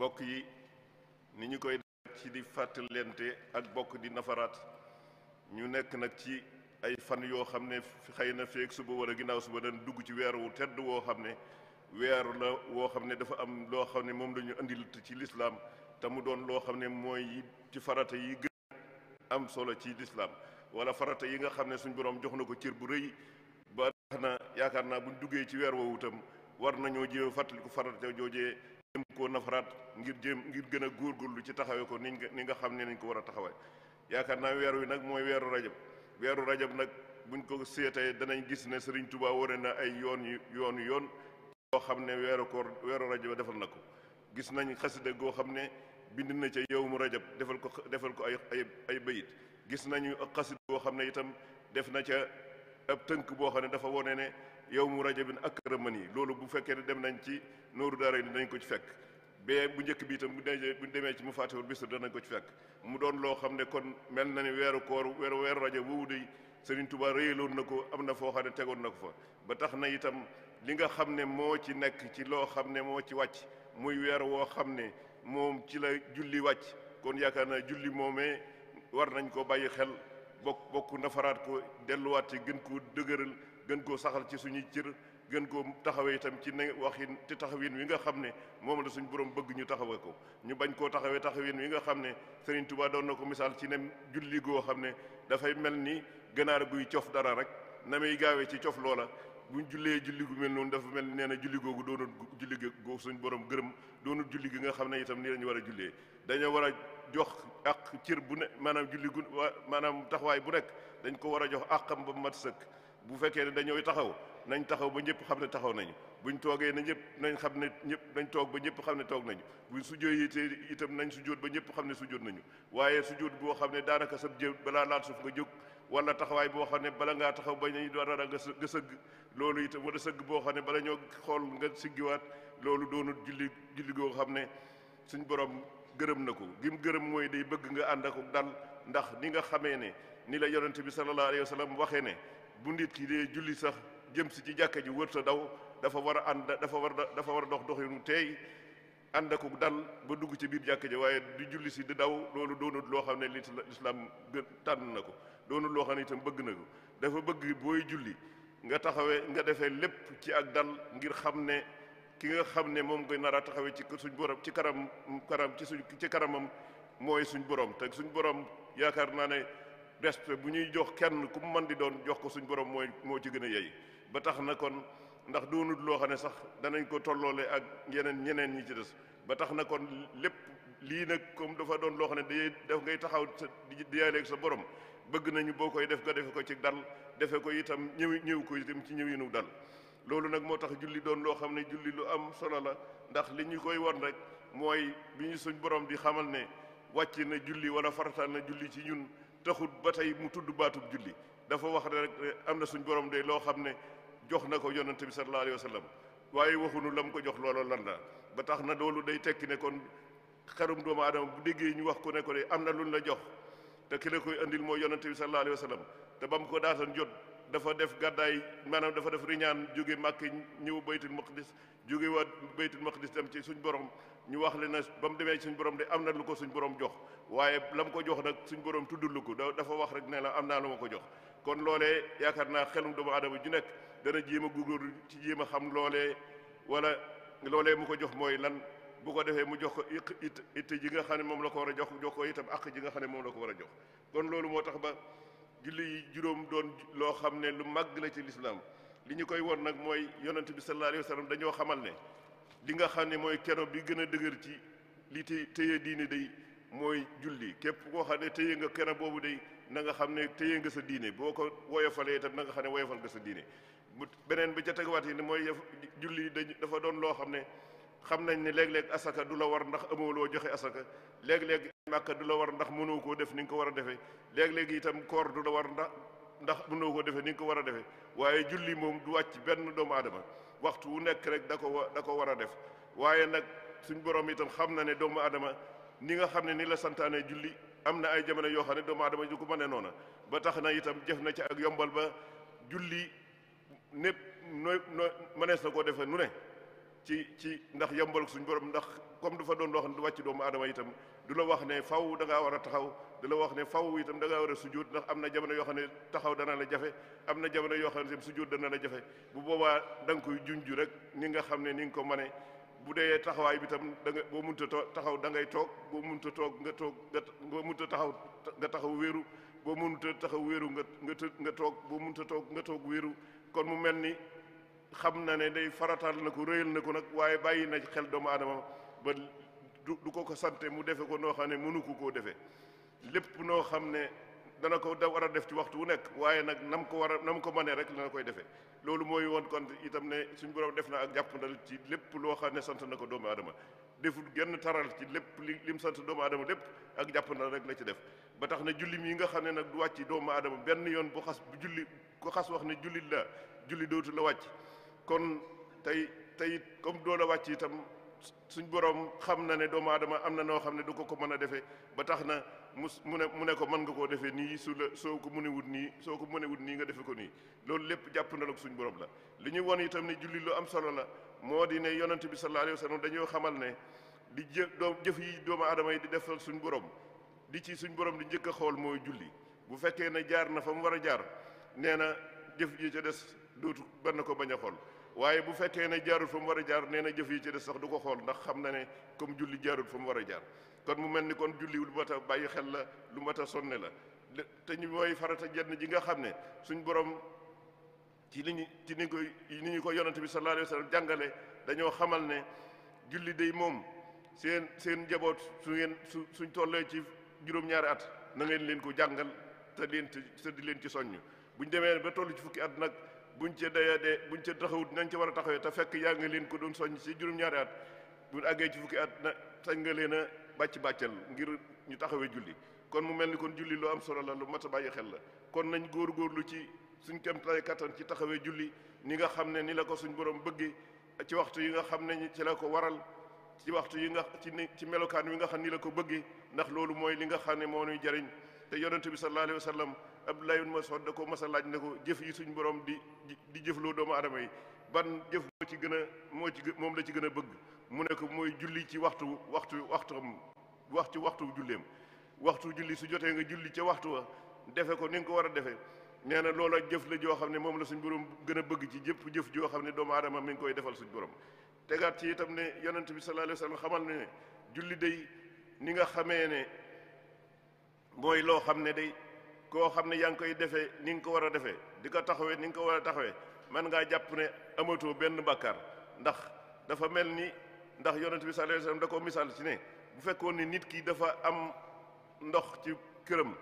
mbokk yi ni ñu koy def ci di fàttalente ak bokk di nafaraat ñu nekk nag ci ay fan yoo xam ne xëy na feeg suba wala ginnaaw suba dañ dugg ci weer wu tedd woo xam ne weeru la woo xam ne dafa am loo xam ne moom la ñu andil ci lislaam te mu doon loo xam ne mooy ci farata yi gën am solo ci lislaam wala farata yi nga xam ne suñ borom jox na ko cër bu rëy ba tax na yaakaar naa buñ duggee ci weer woowu itam war nañoo jéem fàttaliku farata joojee jéem koo nafaraat ngir jéem ngir gën a góorgóorlu ci taxawee ko ni nga xam ne nañ ko war a taxawee yaakaar naa weer wi nag mooy weeru rajab weeru rajab nag buñ ko seetee danañ gis ne Serigne Touba wane na ay yoon yu yoon yu yoon yoo xam ne weeru koor weeru rajab defal na ko gis nañ xasida goo xam ne bind na ca yow mu rajab defal ko defal ko ay ay ay bayit gis nañu xasida goo xam ne itam def na ca ab tënk boo xam ne dafa wone ne yow mu rajo bi na rajabin akramani loolu bu fekkee ne dem nañ ci nooru daara ni dañ ko ci fekk bee bu njëkk bi itam bu demee ci mu fàttewul bisir danañ ko ci fekk mu doon loo xam ne kon mel na ni weeru koor weeru weeru rajab boobu de Sëriñ Tuubaa rëyaloon na ko am na foo xam ne tegoon na ko fa ba tax na itam li nga xam ne moo ci nekk ci loo xam ne moo ci wàcc muy weer woo xam ne moom ci la julli wàcc kon yaakaar naa julli moomee war nañ ko bàyyi xel bokk bokk nafaraat ko delluwaat ci gën ko dëgëral gën koo saxal ci suñuy cër gën koo taxawee itam ci na waxin ci taxawin wi nga xam ne moom la suñu borom bëgg ñu taxawee ko ñu bañ koo taxawee taxawin wi nga xam ne Serigne Touba doon na ko misaal ci ne julli goo xam ne dafay mel ni ganaar guy cof dara rek na muy gaawee ci cof loola buñ jullee julli gu mel noonu dafa mel nee na julli googu doonul julli goo suñ borom gërëm doonul julli gi nga xam ne itam nii lañu war a jullee dañoo war a jox ak cër bu ne maanaam julli gu maanaam taxawaay bu nekk dañ ko war a jox àqam ba mat sëkk bu fekkee ne dañooy taxaw nañ taxaw ba ñëpp xam ne taxaw nañu buñ toogee na ñëpp nañ xam ne ñëpp nañ toog ba ñëpp xam ne toog nañu buñ sujjóotee itam nañ sujjóot ba ñëpp xam ne sujjóot nañu waaye sujjóot boo xam ne daanaka sab jë balaa laal suuf nga jóg wala taxawaay boo xam ne bala ngaa taxaw ba nañ dara nga nga sëgg loolu itam wala sëgg boo xam ne bala ñoo xool nga siggiwaat loolu doonul julli julli goo xam ne suñ borom gërëm na ko gim gërëm mooy day bëgg nga ànd ak dal ndax ni nga xamee ne ni la yonente bi sallallahu alayhi wa sallam waxee ne bu nit ki dee julli sax jëm si ci jàkka ji wër sa daw dafa war a ànd dafa war dafa war a dox doxinu tey ànd ak ko dal ba dugg ci biir jàkka ji waaye di julli si di daw loolu doonut loo xam ne lislaam gën tànn na ko doonut loo xam ne itam bëgg na ko dafa bëgg booy julli nga taxawee nga defee lépp ci ak dal ngir xam ne ki nga xam ne moom nga nar a taxawee ci suñ borom ci karam karam ci suñ ci karamam mooy suñ borom teg suñ borom yaakaar naa ne deste bu ñuy jox kenn ku mu mën di doon jox ko suñ borom mooy moo ci gën a yey ba tax na kon ndax doonut loo xam ne sax danañ ko tolloole ak yeneen ñeneen ñi ci des ba tax na kon lépp lii nag comme dafa doon loo xam ne day daf ngay taxaw sa diyaaleeg sa borom bëgg nañu boo koy def nga defe ko ci dal defe ko itam ñëw ñëw ko itam ci ñëwinu dal loolu nag moo tax julli doon loo xam ne julli lu am solo la ndax li ñu koy won rek mooy bi ñu suñ borom di xamal ne wàcc na julli wala farataal na julli ci ñun taxut ba tey mu tudd baatub julli dafa wax ne rek am na suñ borom de loo xam ne jox na ko yonante bi sallallahu alayhi wa sallam waaye waxunu mu ko jox looloo lan la ba tax na loolu day tekki ne kon xarum doomu aadama bu déggee ñu wax ko ne ko de am na luñ la jox te ki la koy andil mooy yonante bi sallallahu alayhi te ba mu ko daatan jot dafa def gàddaay maanaam dafa def riñaan jóge màkk ñëw baytul maqdis jóge waa baytul maqdis dem ci suñ borom ñu wax le ba mu demee suñ borom de am na lu ko suñ borom jox waaye la mu ko jox nag suñ borom tuddul ko dafa wax rek ne la am naa lu ma ko jox kon loolee yaakaar naa xelum doomu aadama ju nekk dana jéem a ci jéem a xam loolee wala loolee mu ko jox mooy lan bu ko defee mu jox ko it it ji nga xam ne moom la ko war a jox jox ko itam ji nga xam ne moom la ko war a jox kon loolu moo tax ba julli yi juróom doon loo xam ne lu màgg la ci lislaam li ñu koy won nag mooy yonent bi sallallahu alayhi wa dañoo xamal ne li nga xam ne mooy keno bi gën a dëgër ci li te téye diine day mooy julli képp koo xam ne téye nga keno boobu day na nga xam ne téye nga sa diine boo ko woyofalee itam na nga xam ne woyofal nga sa diine beneen bi ca tegawaat yi ne mooy julli dañ dafa doon loo xam ne xam nañ ne léeg-léeg asaka du la war ndax amoo loo joxe asaka léeg-léeg màkka du la war ndax mënoo koo def ni nga ko war a defee léeg léegi itam koor du la war ndax ndax mënoo koo defee ni nga ko war a defee waaye julli moom du wàcc benn doomu aadama waxtu wu nekk rek da ko da ko war a def waaye nag suñ borom itam xam na ne doomu aadama ni nga xam ne ni la santaane julli am na ay jamono yoo xam ne doomu aadama du ko mënee noona ba tax na itam jëf na ci ak yombal ba julli népp nooy nooy mënees na koo defee nu ne ci ci ndax yembal suñu borom ndax comme du fa doon loo ne du wàcc doomu aadama itam du la wax ne faw da war a taxaw du la wax ne faw itam da ngaa war a sujjóot ndax am na jamono yoo xam ne taxaw dana la jafe am na jamono yoo xam ne sujjóot dana la jafe bu boobaa da nga koy junj rek ni nga xam ne ni nga ko mënee bu dee taxawaay bi tam da nga boo munta taxaw dangay toog boo munta toog nga toog nga boo munta taxaw nga taxaw wéeru boo munta taxaw wéeru nga nga nga toog boo munta toog nga toog wéeru kon mu mel nii xam na ne day farataal na ko réyal na ko nag waaye bàyyi na xel doomu aadama ba du ko ko sante mu defe ko noo xam ne mënu ko koo defe lépp noo xam ne dana ko da war a def ci waxtu wu nekk waaye nag nam ko war a nam ko mënee rek dana koy defee loolu mooy wan kon itam ne suñu borom def na ak jàppandal ci lépp loo xam ne sant na ko doomu aadama deful genn taral ci lépp li li mu sant doomu aadama lépp ak jàppandal rek la ci def ba tax na julli mi nga xam ne nag du wàcc doomu aadama benn yoon bu xas bu julli ku xas wax ne jullit la julli dootu la wàcc kon tey tey comme doo la wàcc itam suñ borom xam na ne doomu aadama am na noo xam ne du ko ko mën a defee ba tax na mu mu ne mu ne mën nga koo defee nii su la soo ko mënewut nii soo ko mënewut nga defe ko nii loolu lépp jàpp na la suñ borom la. li ñu won itam ne julli lu am solo la moo di ne yonent bi sallallahu alayhi wa dañoo xamal ne di jë doom jëf yi doomu aadama yi di defal suñ borom di ci suñ borom di njëkk a xool mooy julli bu fekkee ne jaar na fa mu war a jaar nee na jëf yi ca des dootu ban na ko bañ a xool. waaye bu fekkee ne jaarul fa mu war a jaar nee na jëf yi ci des sax du ko xool ndax xam na ne comme julli jaarul fa mu war a jaar kon mu mel ni kon julli lu mat a bàyyi xel la lu mat a sonne la te ñu mooy farata jenn ji nga xam ne suñ borom ci li ñu ci ni ko ni ñu ko yonent bi sallallahu alayhi wa sallam dañoo xamal ne julli day moom seen seen njaboot su suñ tollee ci juróom-ñaari at na ngeen leen ko jàngal te leen te di leen ci soññ bu ñu demee ba toll ci fukki at nag bu buñ ca dayadee buñ ca taxawut nañ ca war a taxawee te fekk yaa nga leen ko doon soññ ci juróom-ñaari at buñ àggee ci fukki at na sañ nga leen a bàcc-bàccal ngir ñu taxawee julli kon mu mel ni kon julli lu am solo la lu mat a bàyyi xel la kon nañ góorgóorlu ci suñ kem tay kattan ci taxawee julli ni nga xam ne ni la ko suñ borom bëgge ci waxtu yi nga xam ne ci la ko waral ci waxtu yi nga ci ci melokaan wi nga xam ni la ko bëgge ndax loolu mooy li nga xam ne moo ñuy jariñ te yonent bi sallallahu alayhi wa sallam Abdullah ibn Mas'ud ko mas a laaj ne ko jëf yi suñu borom di di jëfloo doomu adama yi ban jëf moo ci gën a moo ci moom la ci gën a bëgg mu ne ko julli ci waxtu waxtu waxtuam wax ci waxtu julleem waxtu julli su jotee nga julli ca waxtu wa defe ko ni nga ko war a defee nee na loola jëf la joo xam ne moom la suñ borom gën a bëgg ci jëpp jëf joo xam ne doomu aadama mi ngi koy defal suñ borom tegaat ci itam ne yonent bi sallallahu alayhi wa sallam xamal ne julli day ni nga xamee ne mooy loo xam ne day koo xam ne yaa ngi koy defee ni nga ko war a defee di ko taxawee ni nga ko war a taxawee man ngaa jàpp ne amatoo benn bàkkaar ndax dafa mel ni ndax yonent bi sallallahu da ko misaal ci ne bu fekkoon ne nit ki dafa am ndox ci këram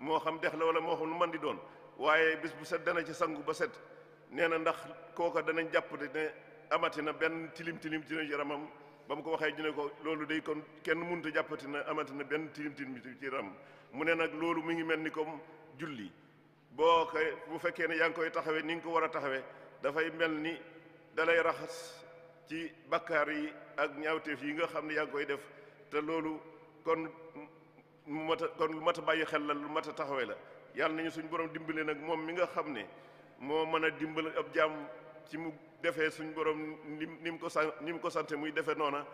moo xam dex la wala moo xam di doon waaye bis bu set dana ci sangu ba set nee na ndax kooka danañ jàpp ne amati na benn tilim tilim ci yaramam ba mu ko waxee ñu ko loolu day kon kenn mënut a jàppati na amati na benn tilim tilim ci yaram mu ne nag loolu mu ngi mel ni comme julli boo koy bu fekkee ne yaa ngi koy taxawee ni nga ko war a taxawee dafay mel ni dalay raxas ci bakkaar yi ak ñaawteef yi nga xam ne yaa ngi koy def te loolu kon mu mat a kon lu mat a bàyyi xel la lu mat taxawee la yàlla nañu suñ borom dimbale nag moom mi nga xam ne moo mën a dimbal ab jàmm ci mu defee suñ borom ni ni mu ko sa ni mu ko sante muy defee noona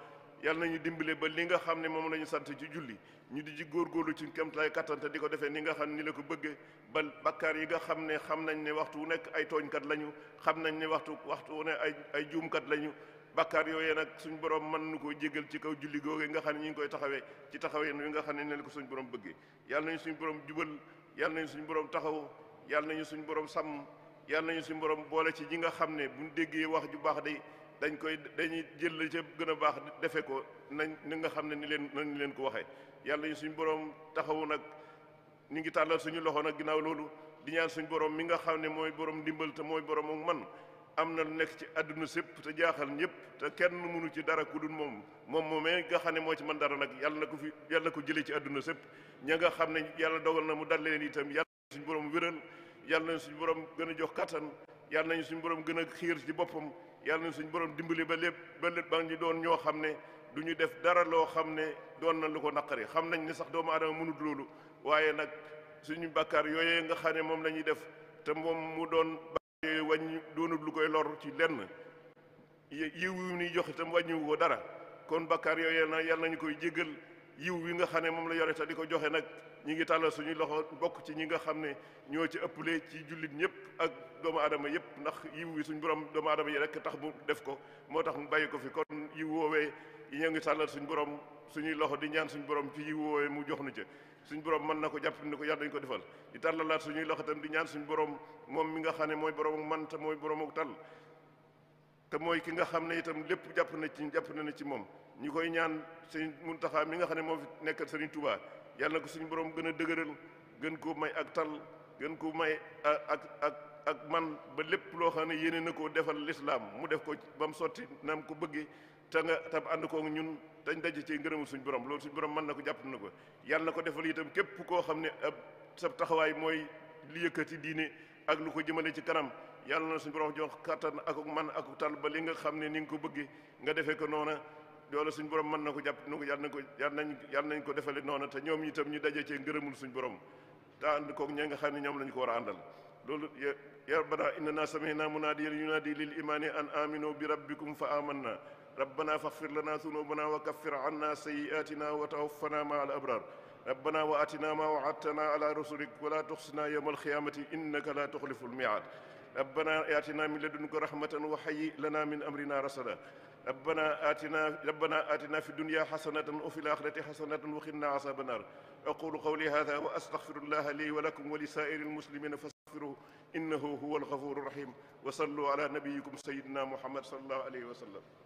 yàlla nañu dimbale ba li nga xam ne moom la ñu sant ci julli ñu di ci góorgóorlu ci kéemtalaay kattan te di ko defee ni nga xam ne ni la ko bëggee ba bakkaar yi nga xam ne xam nañ ne waxtu wu nekk ay tooñkat lañu xam nañ ne waxtu waxtu wu ne ay ay juumkat lañu bakkaar yooye nag suñu borom mën nu koo jégal ci kaw julli googee nga xam ne ñu ngi koy taxawee ci taxaween wi nga xam ne ne la ko suñ borom bëggee yàlla nañu suñ borom jubal yàlla nañu suñ borom taxaw yàlla nañu suñu boroom sàmm yàlla nañu suñ borom boole ci ji nga xam ne bu buñ déggee wax ju baax day dañ koy dañuy jël ci gëna gën a baax defe ko ni nga xamné ni leen nañ leen ko waxé yalla ñu suñu borom taxawu nak ñi ngi talal suñu loxo nak ginaaw lolu di ñaan suñu borom mi nga xamné moy borom dimbal te moy borom ak man amna lu nekk ci aduna sepp te jaaxal ñepp te kenn mënu ci dara ku dul mom mom momé nga xamné mo ci man dara nak yalla na fi yalla ko ci aduna sepp ña nga xamné yalla dogal na mu dal leen itam yalla suñu borom wëral yalla suñu borom gëna jox katan yalla borom gëna ci bopam yàlla na suñ borom dimbali ba lépp ba lépp ba ñu doon ñoo xam ne du ñu def dara loo xam ne doon na lu ko naqari xam nañ ne sax doomu aadama mënut loolu waaye nag suñu bakkaar yooyee nga xam ne moom lañuy def te moom mu doon bakkaar yooyu koy lor ci lenn yiw wi ñuy tam wàññiwu ko dara kon bakkaar yooyee na yal nañu koy jéggal yiw wi nga xam ne moom la yore te di ko joxe nag ñi ngi tàllal suñuy loxo bokk ci ñi nga xam ne ñoo ci ëppale ci jullit ñëpp ak doomu aadama yëpp ndax yiw wi suñu borom doomu aadama yi rek tax bu def ko moo tax bàyyi ko fi kon yiw woowee ñoo ngi tàllal suñu borom suñuy loxo di ñaan suñu borom ci yiw woowee mu jox nu ca suñu borom mën na ko jàpp ni ko yàlla dañ ko defal di tàllalaat suñuy loxo tam di ñaan suñu borom moom mi nga xam ne mooy borom man te mooy borom ak tàll te mooy ki nga xam ne itam lépp jàpp na ci jàpp na ci moom ñi koy ñaan mun Muntaxa mi nga xam ne moom fi nekkal Sëriñ tubaa yàlla na ko suñu borom gën a dëgëral gën koo may ak tal gën koo may ak ak ak man ba lépp loo xam ne yéene na koo defal lislaam mu def ko ba mu sotti nam ko bëggee te nga tam ànd koog ñun dañ daje ci ngërëmul suñu borom loolu suñu borom man na ko jàpp na ko yàlla na ko defal itam képp koo xam ne ab sa taxawaay mooy li yëkkati diine ak lu ko jëmale ci kanam yàlla na suñu borom jox kattan ak man ak tal ba li nga xam ne ni nga ko bëggee nga defee ko noona loola suñ borom mën na ko jàpp nu ko yàlla nañ ko yàlla nañ yàlla nañ ko defale noonu te ñoom itam ñu daje cee ngërëmul suñ borom te ànd koog ña nga xam ne ñoom lañ ko war a àndal loolu rabbana innana sami'na munadiyan yunadi lil imani an aminu bi rabbikum fa amanna rabbana faghfir lana dhunubana wa kaffir anna sayyi'atina wa tawaffana ma'al abrar rabbana wa atina ma wa'adtana ala rusulik wa la tukhzina yawmal qiyamati innaka la tukhliful mi'ad rabbana atina min ladunka rahmatan wa hayyi lana min amrina rasada ربنا آتنا ربنا آتنا في الدنيا حسنة وفي الآخرة حسنة وقنا عذاب النار أقول قولي هذا وأستغفر الله لي ولكم ولسائر المسلمين فاستغفروه إنه هو الغفور الرحيم وصلوا على نبيكم سيدنا محمد صلى الله عليه وسلم